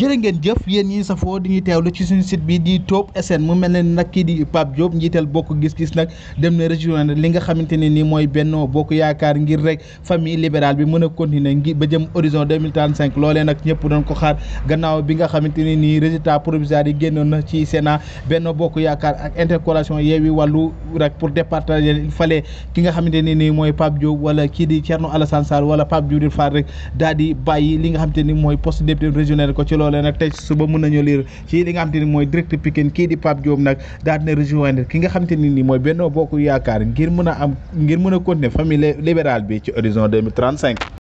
jërë ngeen jëf yéen sax safoo di ñuy teewlu ci suñu site bi di Top SN mu mel ne nag kii di Pape Diop njiital bokk gis-gis nag dem na rejoindre li nga xamante ne ni mooy Benno Bokk Yaakaar ngir rek famille libérale bi mën a continuer ngi ba jëm horizon 2035 loolee nag ñëpp doon ko xaar gannaaw bi nga xamante ne nii résultat provisoire yi génnoon na ci Sénat Benno Bokk Yaakaar ak intercoalition Yewwi Wàllu rek pour départager il ki nga xamante ne nii mooy Pape Diop wala kii di Thierno Alassane Sall wala Pape Djibril Fall rek daal di bàyyi li nga te ni mooy poste député régionnaire ko ci loolee nag tey suba mën nañu lire ci li nga xam te ni mooy direct Pikine kii di Pape Diop nag daal dina rejoindre ki nga xam te ni nii mooy Benno Bokk Yaakaar ngir mën a am ngir mën a continuer famille libérale bi ci horizon 2035